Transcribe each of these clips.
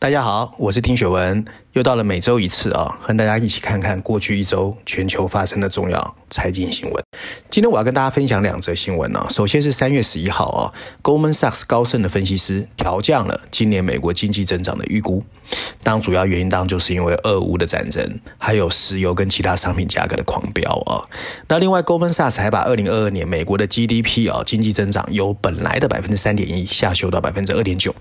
大家好，我是丁學文，又到了每周一次啊、哦，和大家一起看看過去一周全球發生的重要財經新聞。今天我要跟大家分享兩則新聞呢、哦。首先是三月十一號啊、哦、，Goldman Sachs 高盛的分析師調降了今年美國經濟增長的預估，當主要原因當就是因為俄烏的戰爭，還有石油跟其他商品價格的狂飆啊、哦。那另外 Goldman Sachs 還把二零二二年美國的 GDP 啊、哦、經濟增長由本來的百分之三點一下修到百分之二點九。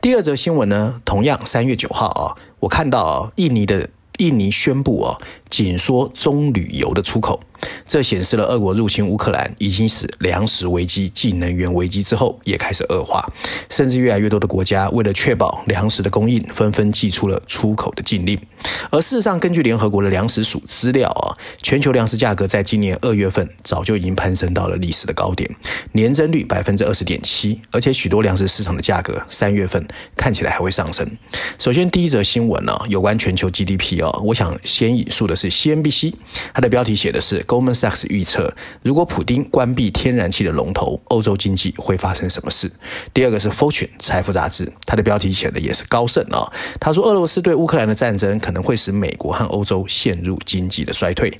第二則新聞呢，同樣三月九號啊，我看到啊，印尼的印尼宣佈啊。緊縮中旅遊的出口，這顯示了俄國入侵烏克蘭已經使糧食危機技能源危機之後也開始惡化，甚至越來越多的國家為了確保糧食的供應，紛紛祭出了出口的禁令。而事實上，根據聯合國的糧食署資料啊，全球糧食價格在今年二月份早就已經攀升到了歷史的高點，年增率百分之二十點七，而且許多糧食市場的價格三月份看起來還會上升。首先，第一則新聞呢，有關全球 GDP 啊，我想先引述的。是 CNBC，它的標題寫的是 Goldman Sachs 預測，如果普丁關閉天然氣的龍頭，歐洲經濟會發生什麼事？第二個是 Fortune 財富雜誌，它的標題寫的也是高盛啊、哦，他說俄羅斯對烏克蘭的戰爭可能會使美國和歐洲陷入經濟的衰退。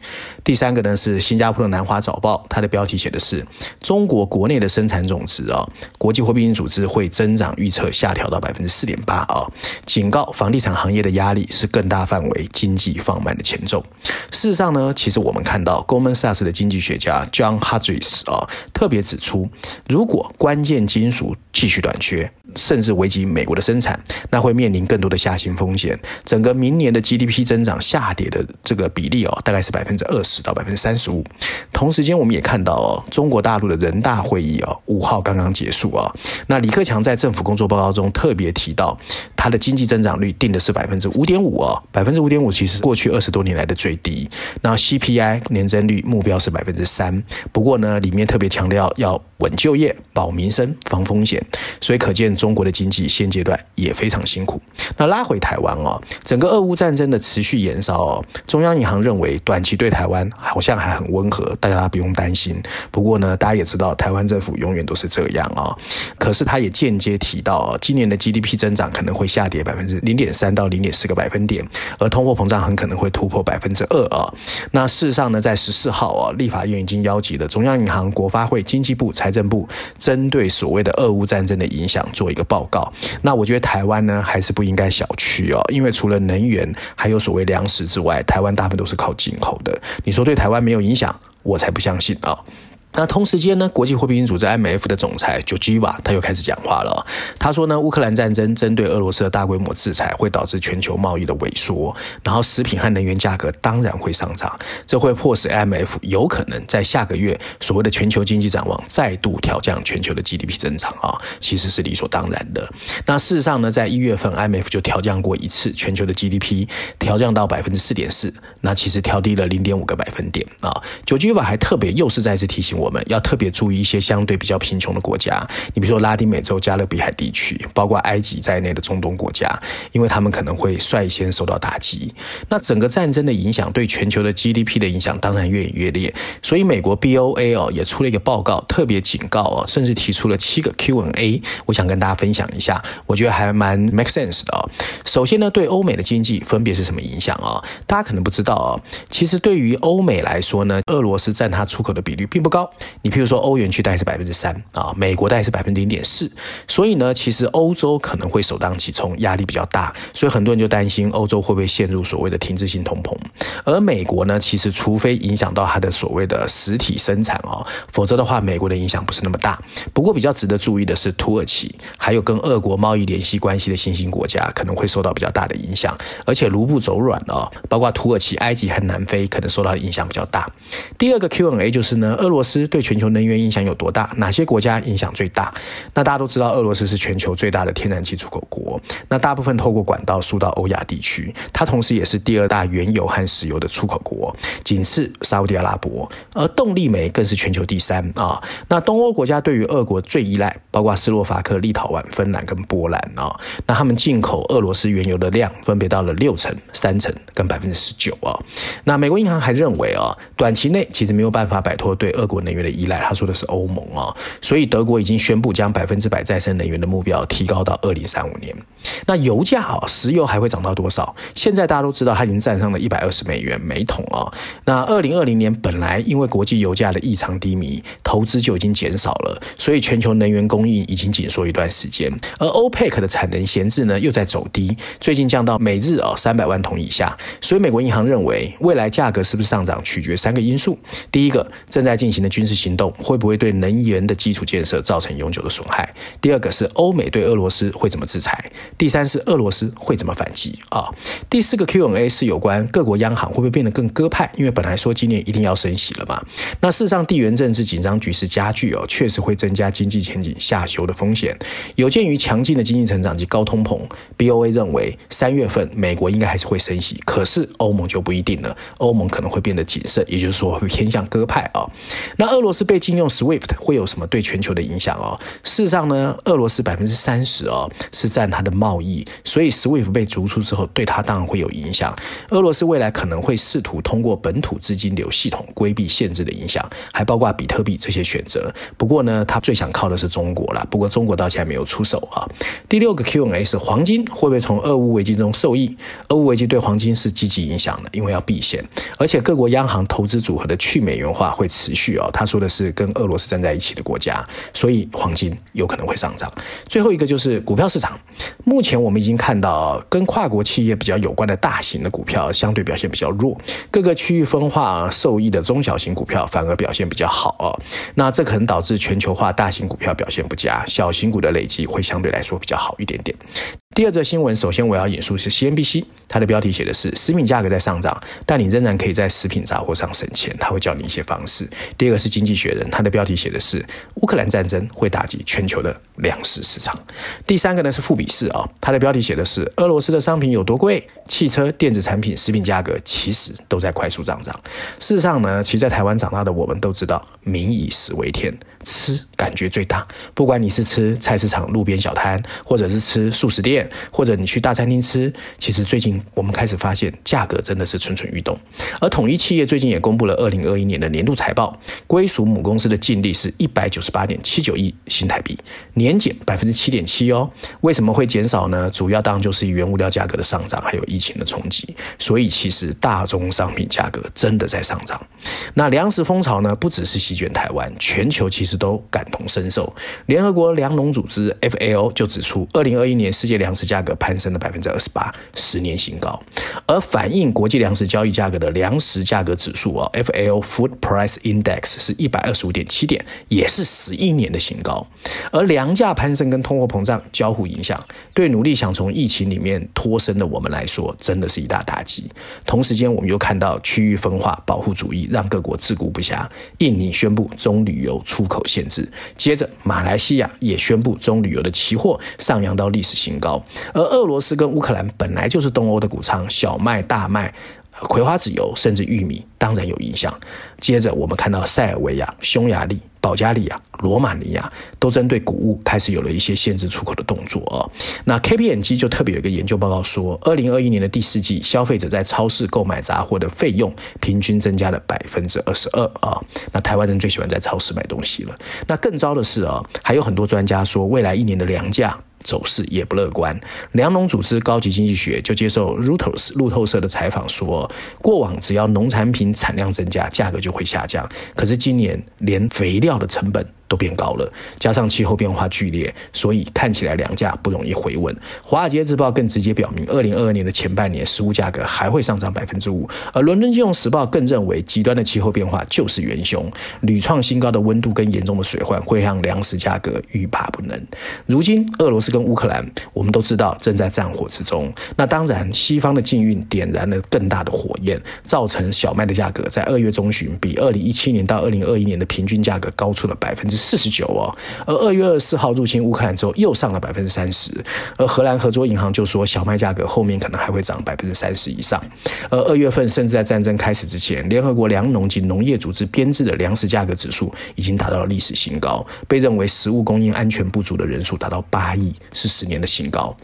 第三個呢是新加坡的南華早報，它的標題寫的是中國國內的生產總值啊，國際貨幣基金組織會增長預測下調到百分之四點八啊，警告房地產行業的壓力是更大範圍經濟放慢的前奏。事實上呢，其實我們看到 Goldman Sachs 的經濟學家 Jan Hatzius 啊、哦，特別指出，如果關鍵金屬繼續短缺，甚至危及美國的生產，那會面臨更多的下行風險。整個明年的 GDP 增長下跌的這個比例、哦、大概是百分之二十到百分之三十五。同時間，我們也看到哦，中國大陸的人大會議五、哦、號剛剛結束、哦、那李克強在政府工作報告中特別提到。它的經濟增長率定的是百分之五點五哦，百分之五點五其實過去二十多年來的最低。那 CPI 年增率目標是百分之三，不過呢，裡面特別強調要。穩就業、保民生、防風險，所以可見中國的經濟現階段也非常辛苦。那拉回台灣哦，整個俄烏戰爭的持續延燒哦，中央銀行認為短期對台灣好像還很溫和，大家不用擔心。不過呢，大家也知道台灣政府永遠都是這樣啊、哦，可是他也間接提到、哦，今年的 GDP 增長可能會下跌百分之零點三到零點四個百分點，而通貨膨脹很可能會突破百分之二啊。那事實上呢，在十四號啊、哦，立法院已經邀集了中央銀行、國發會、經濟部財。財政部針對所謂的俄烏戰爭的影響做一個報告，那我覺得台灣呢，還是不應該小覷哦，因為除了能源還有所謂糧食之外，台灣大部分都是靠進口的。你說對台灣沒有影響，我才不相信啊、哦！那同時間呢，國際貨幣基金組織 IMF 的總裁喬治艾娃他又開始講話了、哦。他說呢，烏克蘭戰爭針對俄羅斯的大規模制裁會導致全球貿易的萎縮，然後食品和能源價格當然會上漲，這會迫使 IMF 有可能在下個月所謂的全球經濟展望再度調降全球的 GDP 增長啊、哦，其實是理所當然的。那事實上呢，在一月份 IMF 就調降過一次全球的 GDP，調降到百分之四點四，那其實調低了零點五個百分點啊。哦、喬治艾娃還特別又是再次提醒我。我們要特別注意一些相對比較貧窮的國家，你比如說拉丁美洲、加勒比海地區，包括埃及在內的中東國家，因為他們可能會率先受到打擊。那整個戰爭的影響對全球的 GDP 的影響當然越演越烈。所以美國 BOA 哦也出了一個報告，特別警告哦，甚至提出了七個 Q&A。我想跟大家分享一下，我覺得還蠻 make sense 的哦。首先呢，對歐美的經濟分別是什麼影響啊？大家可能不知道啊。其實對於歐美來說呢，俄羅斯占它出口的比率並不高。你譬如說，歐元區大概是百分之三啊，美國大概是百分之零點四，所以呢，其實歐洲可能會首當其衝，壓力比較大，所以很多人就擔心歐洲會不會陷入所謂的停滯性通膨。而美國呢，其實除非影響到它的所謂的實體生產哦，否則的話，美國的影響不是那麼大。不過比較值得注意的是，土耳其還有跟俄國貿易聯繫關係的新興國家可能會受到比較大的影響，而且盧布走軟啊，包括土耳其、埃及和南非可能受到的影響比較大。第二個 Q&A 就是呢，俄羅斯。對全球能源影響有多大？哪些國家影響最大？那大家都知道，俄羅斯是全球最大的天然氣出口國，那大部分透過管道輸到歐亞地區。它同時也是第二大原油和石油的出口國，僅次沙烏地阿拉伯。而動力煤更是全球第三啊、哦。那東歐國家對於俄國最依賴，包括斯洛伐克、立陶宛、芬蘭跟波蘭啊、哦。那他們進口俄羅斯原油的量分別到了六成、三成跟百分之十九啊。那美國銀行還認為啊、哦，短期內其實沒有辦法擺脫對俄國。能源的依賴，他說的是歐盟啊、哦，所以德國已經宣布將百分之百再生能源的目標提高到二零三五年。那油價啊、哦，石油還會漲到多少？現在大家都知道，它已經站上了一百二十美元每桶啊、哦。那二零二零年本來因為國際油價的異常低迷，投資就已經減少了，所以全球能源供應已經緊縮一段時間。而歐佩克的產能閒置呢，又在走低，最近降到每日啊三百萬桶以下。所以美國銀行認為，未來價格是不是上漲，取決三個因素：第一個，正在進行的。軍事行動會不會對能源的基礎建設造成永久的損害？第二個是歐美對俄羅斯會怎麼制裁？第三是俄羅斯會怎麼反擊啊、哦？第四個 Q&A 是有關各國央行會不會變得更鴿派？因為本來說今年一定要升息了嘛。那事實上地緣政治緊張局勢加劇哦，確實會增加經濟前景下修的風險。有鑑於強勁的經濟成長及高通膨，BOA 認為三月份美國應該還是會升息，可是歐盟就不一定了。歐盟可能會變得謹慎，也就是說會偏向鴿派啊、哦。那俄羅斯被禁用 SWIFT 會有什麼對全球的影響哦？事實上呢，俄羅斯百分之三十哦是占它的貿易，所以 SWIFT 被逐出之後，對它當然會有影響。俄羅斯未來可能會試圖通過本土資金流系統規避限制的影響，還包括比特幣這些選擇。不過呢，它最想靠的是中國了。不過中國到現在沒有出手啊、哦。第六個 Q&A 是黃金會不會從俄烏危機中受益？俄烏危機對黃金是積極影響的，因為要避險，而且各國央行投資組合的去美元化會持續哦。他說的是跟俄羅斯站在一起的國家，所以黃金有可能會上漲。最後一個就是股票市場，目前我們已經看到跟跨國企業比較有關的大型的股票相對表現比較弱，各個區域分化受益的中小型股票反而表現比較好哦。那這可能導致全球化大型股票表現不佳，小型股的累積會相對來說比較好一點點。第二則新聞，首先我要引述是 CNBC，它的標題寫的是“食品價格在上漲，但你仍然可以在食品雜貨上省錢”，它會教你一些方式。第二個是《經濟學人》，它的標題寫的是“烏克蘭戰爭會打擊全球的糧食市場”。第三個呢是富比士。啊、哦，它的標題寫的是“俄羅斯的商品有多貴？汽車、電子產品、食品價格其實都在快速上漲。事實上呢，其實在台灣長大的我們都知道，民以食為天，吃。”感覺最大，不管你是吃菜市場路邊小攤，或者是吃素食店，或者你去大餐廳吃，其實最近我們開始發現價格真的是蠢蠢欲動。而統一企業最近也公布了二零二一年的年度財報，歸屬母公司的淨利是一百九十八點七九億新台幣，年減百分之七點七哦。為什麼會減少呢？主要當然就是原物料價格的上漲，還有疫情的衝擊。所以其實大宗商品價格真的在上漲。那糧食風潮呢？不只是席捲台灣，全球其實都感。同身受，聯合國糧農組織 （FAO） 就指出，二零二一年世界糧食價格攀升了百分之二十八，十年新高。而反映國際糧食交易價格的糧食價格指數啊 （FAO Food Price Index） 是一百二十五點七點，也是十一年的新高。而糧價攀升跟通貨膨脹交互影響，對努力想從疫情裡面脫身的我們來說，真的是一大打擊。同時間，我們又看到區域分化、保護主義讓各國自顧不暇。印尼宣布棕櫚油出口限制。接着，馬來西亞也宣布，棕櫚油的期貨上揚到歷史新高，而俄羅斯跟烏克蘭本來就是東歐的谷倉，小麥、大麥、葵花籽油甚至玉米，當然有影響。接着，我們看到塞爾維亞、匈牙利。保加利亞、羅馬尼亞都針對谷物開始有了一些限制出口的動作啊、哦。那 KBN 機就特別有一個研究報告說，二零二一年的第四季，消費者在超市購買雜貨的費用平均增加了百分之二十二啊。那台灣人最喜歡在超市買東西了。那更糟的是啊、哦，還有很多專家說，未來一年的糧價。走勢也不樂觀。糧農組織高級經濟學就接受 Reuters 路透社的採訪說，過往只要農產品產量增加，價格就會下降。可是今年連肥料的成本，都變高了，加上氣候變化劇烈，所以看起來糧價不容易回穩。華爾街日報更直接表明，二零二二年的前半年，食物價格還會上漲百分之五。而倫敦金融時報更認為，極端的氣候變化就是元兇，屢創新高的溫度跟嚴重的水患會讓糧食價格欲罷不能。如今，俄羅斯跟烏克蘭，我們都知道正在戰火之中。那當然，西方的禁運點燃了更大的火焰，造成小麥的價格在二月中旬比二零一七年到二零二一年的平均價格高出了百分之。四十九哦，而二月二十四號入侵烏克蘭之後，又上了百分之三十。而荷蘭合作銀行就說，小麥價格後面可能還會漲百分之三十以上。而二月份，甚至在戰爭開始之前，聯合國糧農及農業組織編制的糧食價格指數已經達到了歷史新高，被認為食物供應安全不足的人數達到八億，是十年的新高。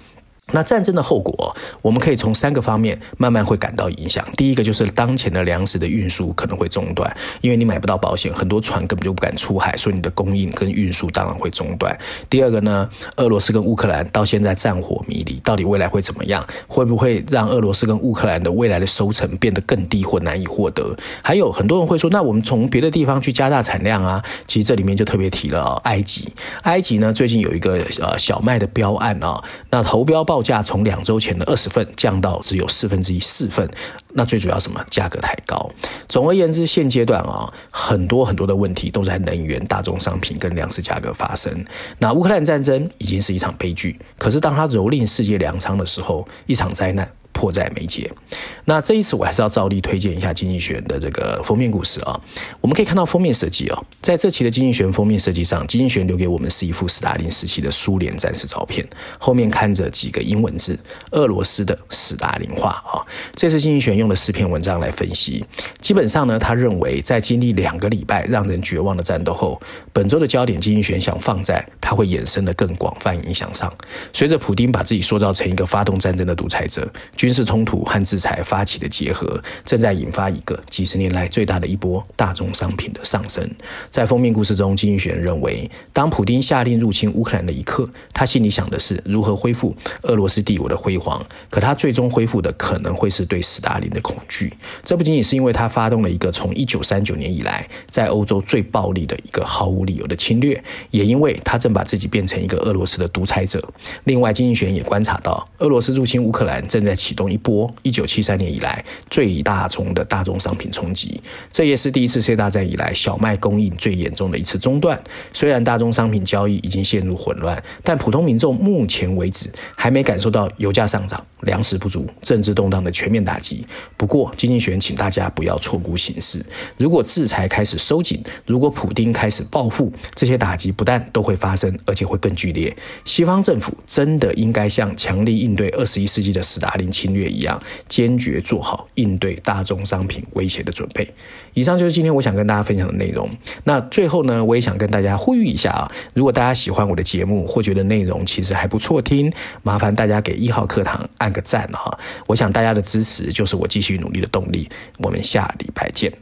那戰爭的後果哦，我們可以從三個方面慢慢會感到影響。第一個就是當前的糧食的運輸可能會中斷，因為你買不到保險，很多船根本就不敢出海，所以你的供應跟運輸當然會中斷。第二個呢，俄羅斯跟烏克蘭到現在戰火迷離，到底未來會怎麼樣？會不會讓俄羅斯跟烏克蘭的未來的收成變得更低或難以獲得？還有很多人會說，那我們從別的地方去加大產量啊？其實這裡面就特別提了哦，埃及，埃及呢最近有一個呃小麥的標案啊哦，那投標報。報價從兩周前的二十份降到只有四分之一四份，那最主要什麼？價格太高。總而言之，現階段啊、哦，很多很多的問題都在能源、大宗商品跟糧食價格發生。那烏克蘭戰爭已經是一場悲劇，可是當它蹂躪世界糧倉的時候，一場災難。迫在眉睫。那這一次我還是要照例推薦一下《經濟學人》的這個封面故事啊、哦。我們可以看到封面設計啊、哦，在這期的《經濟學人》封面設計上，《經濟學人》留給我們是一幅斯大林時期的蘇聯戰士照片，後面看着幾個英文字“俄羅斯的斯大林化”啊。這次《經濟學人》用了四篇文章來分析。基本上呢，他認為在經歷兩個禮拜讓人絕望的戰鬥後，本周的焦點經濟學人想放在他會衍生的更廣泛影響上。隨着普丁把自己塑造成一個發動戰爭的獨裁者，軍事衝突和制裁發起的結合正在引發一個幾十年來最大的一波大宗商品的上升。在封面故事中，經濟學人認為，當普丁下令入侵烏克蘭的一刻，他心裡想的是如何恢復俄羅斯帝國的輝煌。可他最終恢復的可能會是對史達林的恐懼。這不僅僅是因為他。發動了一個從一九三九年以來在歐洲最暴力的一個毫無理由的侵略，也因為他正把自己變成一個俄羅斯的獨裁者。另外，經濟學人也觀察到，俄羅斯入侵烏克蘭正在啟動一波一九七三年以來最大宗的大宗商品衝擊，這也是第一次世界大戰以來小麥供應最嚴重的一次中斷。雖然大宗商品交易已經陷入混亂，但普通民眾目前為止還沒感受到油價上漲。糧食不足、政治動盪的全面打擊。不過，經濟學人請大家不要錯估形勢。如果制裁開始收緊，如果普丁開始報復，這些打擊不但都會發生，而且會更劇烈。西方政府真的應該像強力應對二十一世紀的史達林侵略一樣，堅決做好應對大宗商品威脅的準備。以上就是今天我想跟大家分享的內容。那最後呢，我也想跟大家呼籲一下啊，如果大家喜歡我的節目，或覺得內容其實還不錯聽，麻煩大家給一號課堂按。個讚哈！我想大家的支持就是我繼續努力的動力。我們下禮拜見。